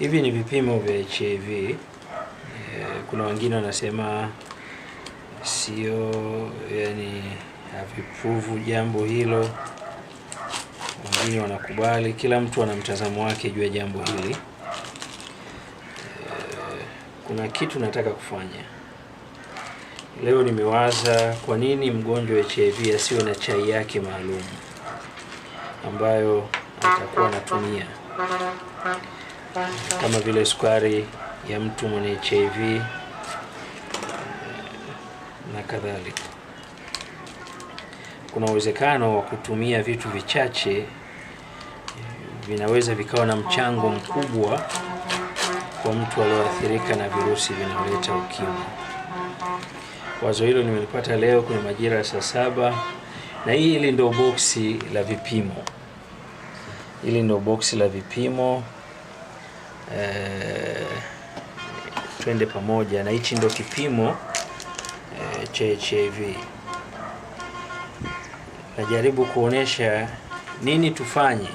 Hivi ni vipimo vya HIV. E, eh, kuna wengine wanasema sio, yani havipuvu jambo hilo, wengine wanakubali. Kila mtu ana mtazamo wake juu ya jambo hili. E, kuna kitu nataka kufanya leo. Nimewaza kwa nini mgonjwa wa HIV asiwe na chai yake maalum ambayo atakuwa anatumia kama vile sukari ya mtu mwenye HIV eh, na kadhalika. Kuna uwezekano wa kutumia vitu vichache eh, vinaweza vikawa na mchango mkubwa kwa mtu aliyoathirika na virusi vinavyoleta ukimwi. Wazo hilo nimelipata leo kwenye majira ya saa saba, na hii hili ndio boksi la vipimo, hili ndio boksi la vipimo eh, twende pamoja na hichi ndo kipimo eh, cha HIV. Najaribu kuonesha nini tufanye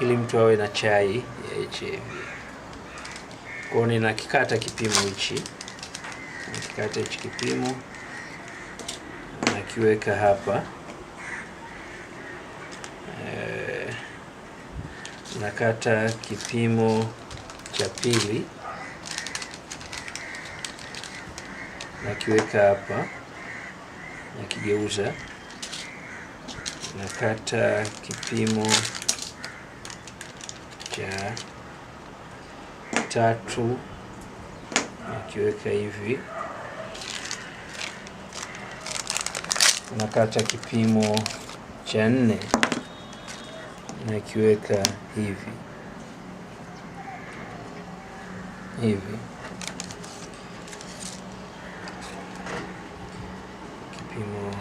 ili mtu awe na chai ya HIV. Kwa nina kikata kipimo hichi, kikata hichi kipimo nakiweka hapa. nakata kipimo cha pili nakiweka hapa, nakigeuza, nakata kipimo cha tatu nakiweka hivi, nakata kipimo cha nne nakiweka hivi hivi kipimo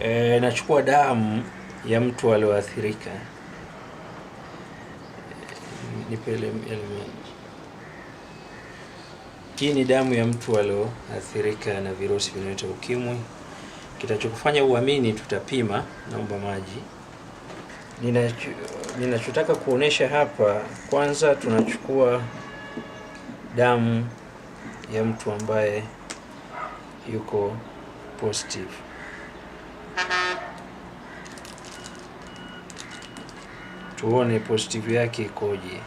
e, nachukua damu ya mtu alioathirika nipele hii ni damu ya mtu alioathirika na virusi vinaitwa ukimwi kitachokufanya uamini, tutapima. Naomba maji. Ninachotaka kuonesha hapa, kwanza tunachukua damu ya mtu ambaye yuko positive tuone positive yake ikoje.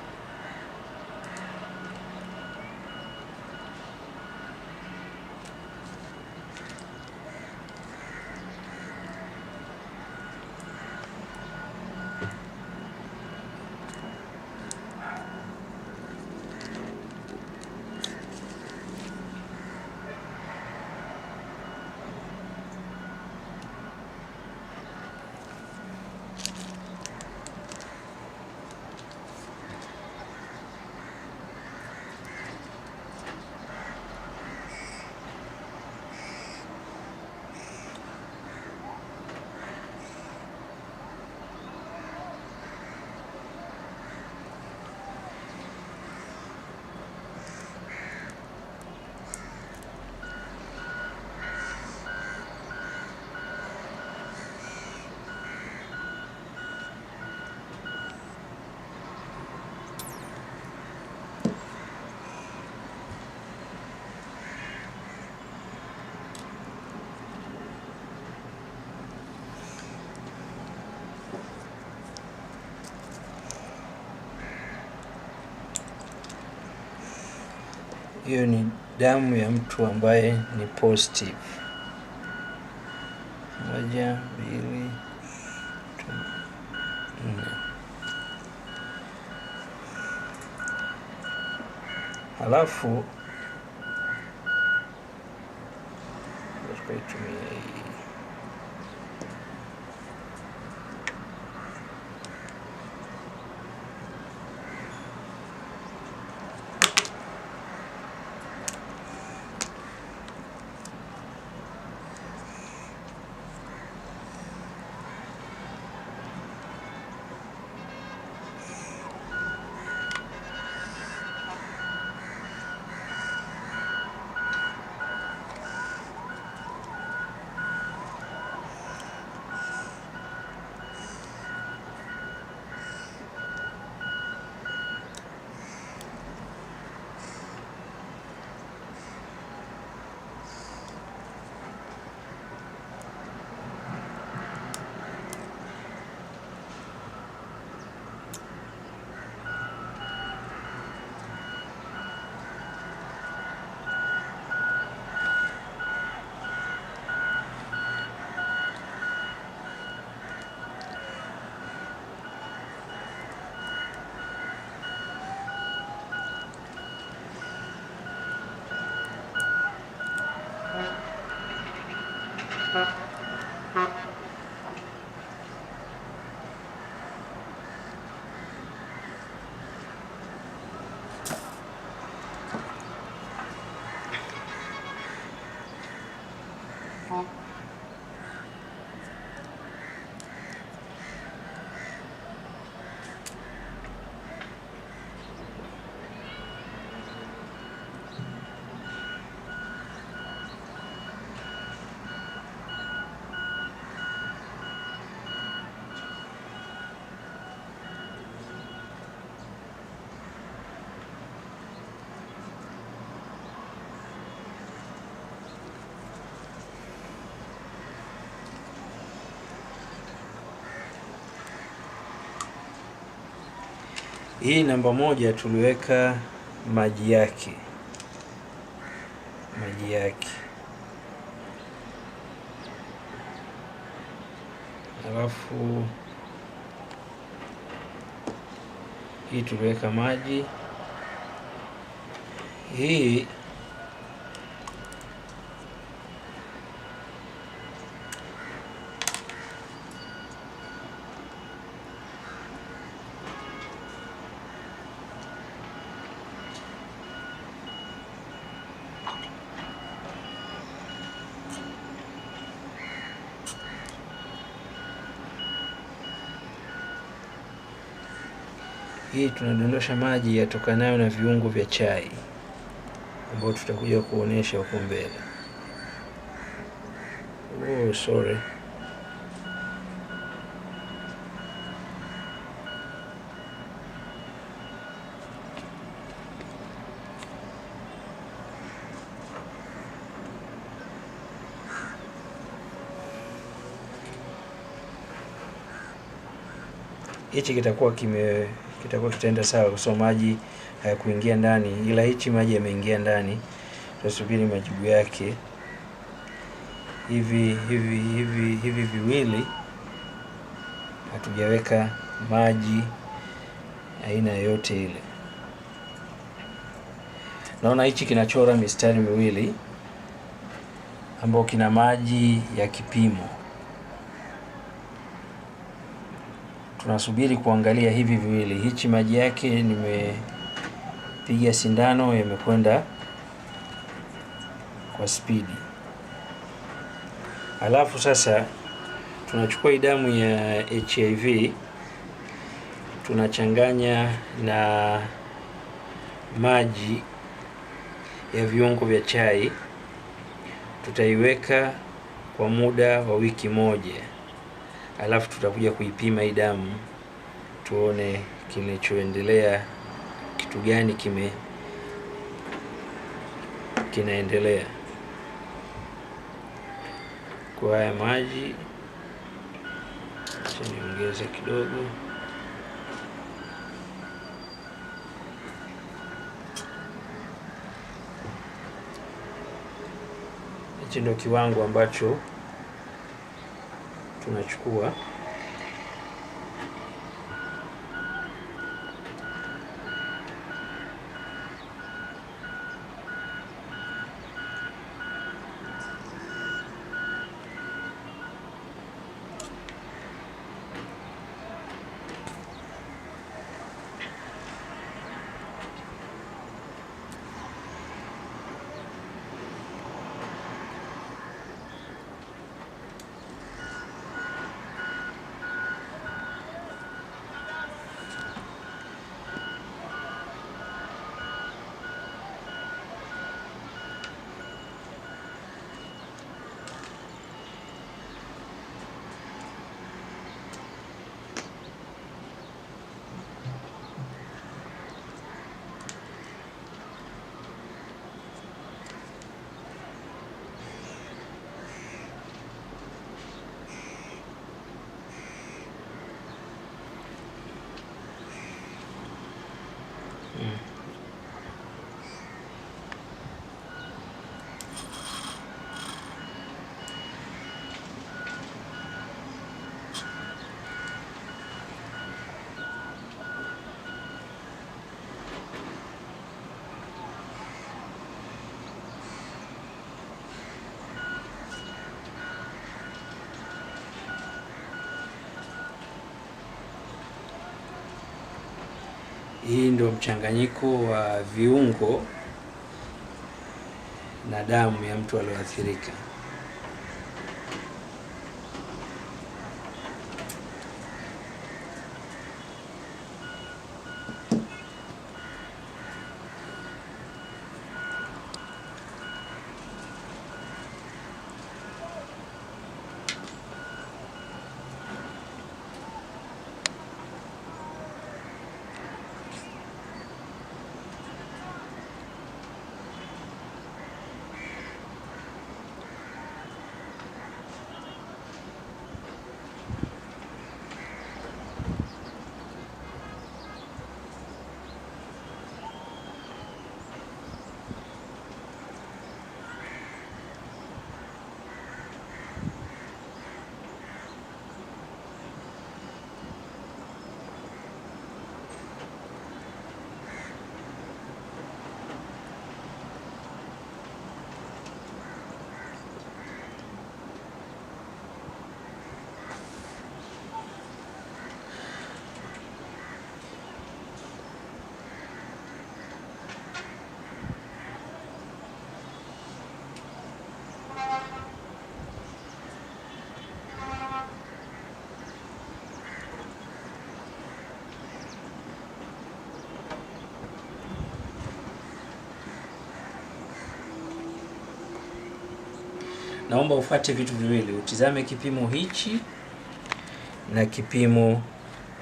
hiyo ni damu ya mtu ambaye ni positive. Moja, mbili, tatu, nne. Halafu tukaitumia hii 好。Hii namba moja tuliweka maji yake, maji yake, alafu hii tuliweka maji hii hii tunadondosha maji yatokanayo na viungo vya chai ambayo tutakuja kuonesha huko mbele. Oh, sorry. Hichi kitakuwa kime kitakuwa kitaenda sawa, kwa sababu maji hayakuingia eh, ndani, ila hichi maji yameingia ndani. Tusubiri majibu yake. Hivi hivi hivi hivi viwili hatujaweka maji aina yoyote ile. Naona hichi kinachora mistari miwili ambayo kina maji ya kipimo. tunasubiri kuangalia hivi viwili. Hichi maji yake nimepiga sindano, yamekwenda kwa spidi. Alafu sasa tunachukua idamu ya HIV tunachanganya na maji ya viungo vya chai, tutaiweka kwa muda wa wiki moja alafu tutakuja kuipima hii damu tuone kinachoendelea, kitu gani kime kinaendelea kwa haya maji. Acha niongeze kidogo. Hichi ndio kiwango ambacho tunachukua Hii ndio mchanganyiko wa viungo na damu ya mtu aliyoathirika. naomba ufuate vitu viwili, utizame kipimo hichi na kipimo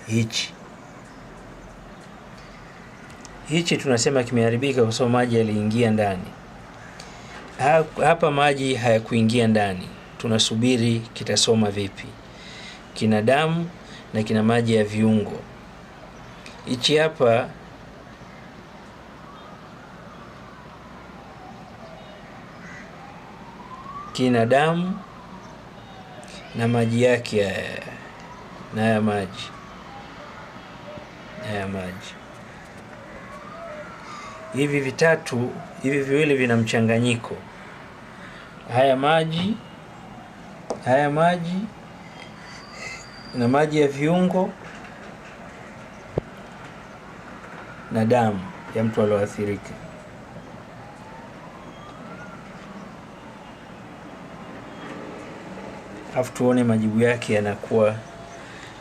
hichi. Hichi tunasema kimeharibika kwa sababu maji yaliingia ndani. Hapa maji hayakuingia ndani, tunasubiri kitasoma vipi. Kina damu na kina maji ya viungo. Hichi hapa kina damu na maji yake haya na haya maji haya maji hivi vitatu hivi viwili vina mchanganyiko, haya maji haya maji na maji ya viungo na damu ya mtu alioathirika. afu tuone majibu yake yanakuwa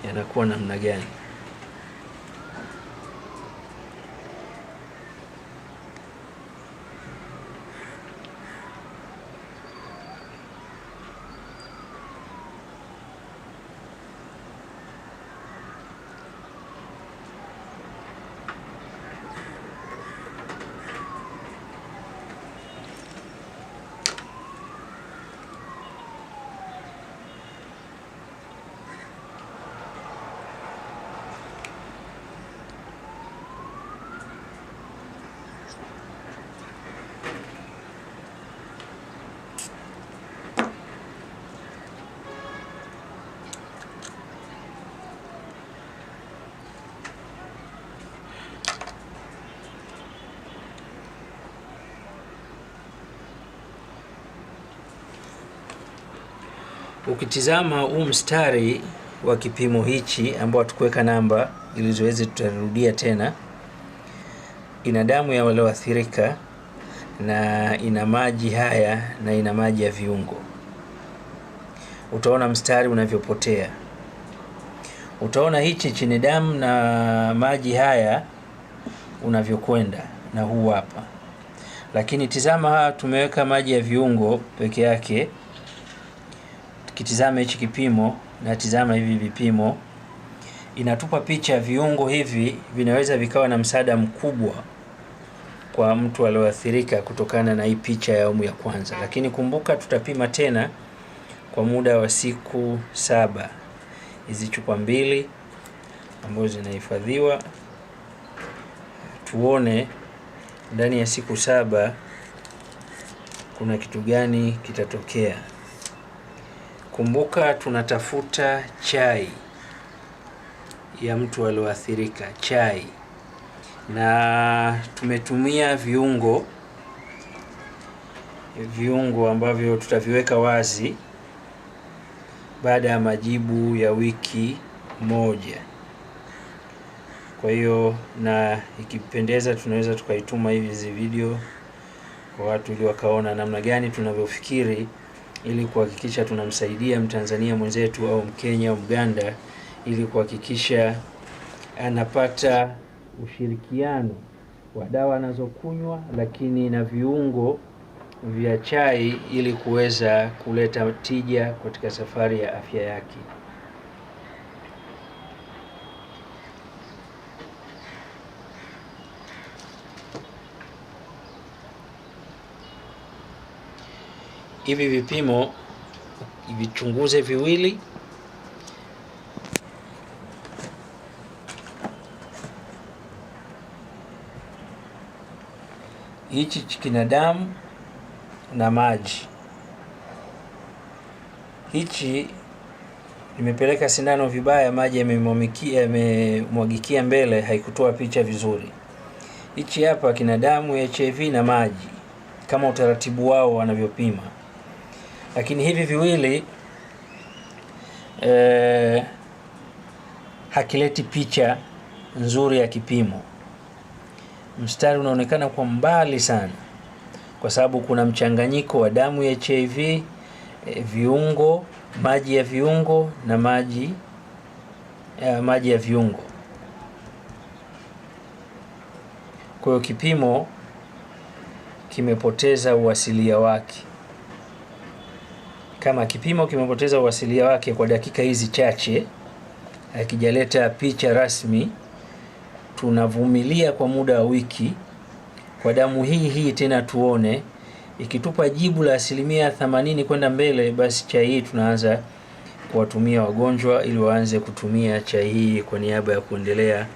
yanakuwa namna gani. Ukitizama huu mstari wa kipimo hichi ambao hatukuweka namba ili zoezi tutarudia tena, ina damu ya walioathirika na ina maji haya na ina maji ya viungo. Utaona mstari unavyopotea. Utaona hichi chenye damu na maji haya unavyokwenda na huu hapa, lakini tizama, tumeweka maji ya viungo peke yake. Tukitizama hichi kipimo na tizama hivi vipimo, inatupa picha, viungo hivi vinaweza vikawa na msaada mkubwa kwa mtu aliyoathirika kutokana na hii picha ya awamu ya kwanza, lakini kumbuka tutapima tena kwa muda wa siku saba. Hizi chupa mbili ambazo zinahifadhiwa, tuone ndani ya siku saba kuna kitu gani kitatokea. Kumbuka tunatafuta chai ya mtu alioathirika, chai na tumetumia viungo viungo ambavyo tutaviweka wazi baada ya majibu ya wiki moja. Kwa hiyo na ikipendeza, tunaweza tukaituma hivi hizi video kwa watu ili wakaona namna gani tunavyofikiri ili kuhakikisha tunamsaidia Mtanzania mwenzetu au Mkenya au Mganda ili kuhakikisha anapata ushirikiano wa dawa anazokunywa, lakini na viungo vya chai ili kuweza kuleta tija katika safari ya afya yake. hivi vipimo vichunguze viwili hichi kina damu na maji. Hichi nimepeleka sindano vibaya, maji yamemwagikia mbele, haikutoa picha vizuri. Hichi hapa kina damu, HIV na maji, kama utaratibu wao wanavyopima lakini hivi viwili eh, hakileti picha nzuri ya kipimo. Mstari unaonekana kwa mbali sana, kwa sababu kuna mchanganyiko wa damu ya HIV, eh, viungo, maji ya viungo na maji eh, maji ya viungo. Kwa hiyo kipimo kimepoteza uasilia wake kama kipimo kimepoteza uwasilia wake kwa dakika hizi chache, akijaleta picha rasmi, tunavumilia kwa muda wa wiki kwa damu hii hii tena tuone ikitupa jibu la asilimia 80 kwenda mbele, basi chai hii tunaanza kuwatumia wagonjwa ili waanze kutumia chai hii kwa niaba ya kuendelea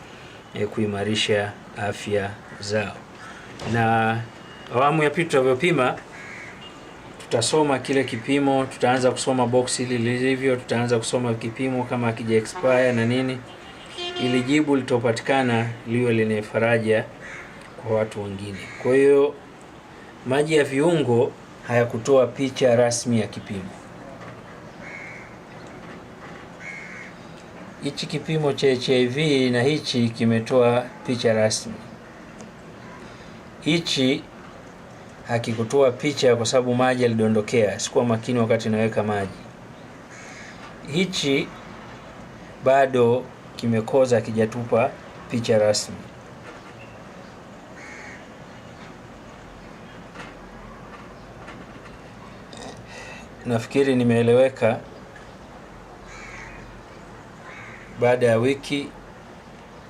eh, kuimarisha afya zao. Na awamu ya pili tutavyopima tutasoma kile kipimo, tutaanza kusoma box hili lilivyo, tutaanza kusoma kipimo kama kija expire na nini, ili jibu litopatikana liwe lenye faraja kwa watu wengine. Kwa hiyo maji ya viungo hayakutoa picha rasmi ya kipimo. Hichi kipimo cha HIV na hichi kimetoa picha rasmi hichi hakikutoa picha kwa sababu maji yalidondokea, sikuwa makini wakati naweka maji. Hichi bado kimekoza, kijatupa picha rasmi. Nafikiri nimeeleweka. Baada ya wiki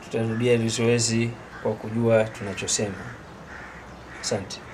tutarudia vizoezi kwa kujua tunachosema. Asante.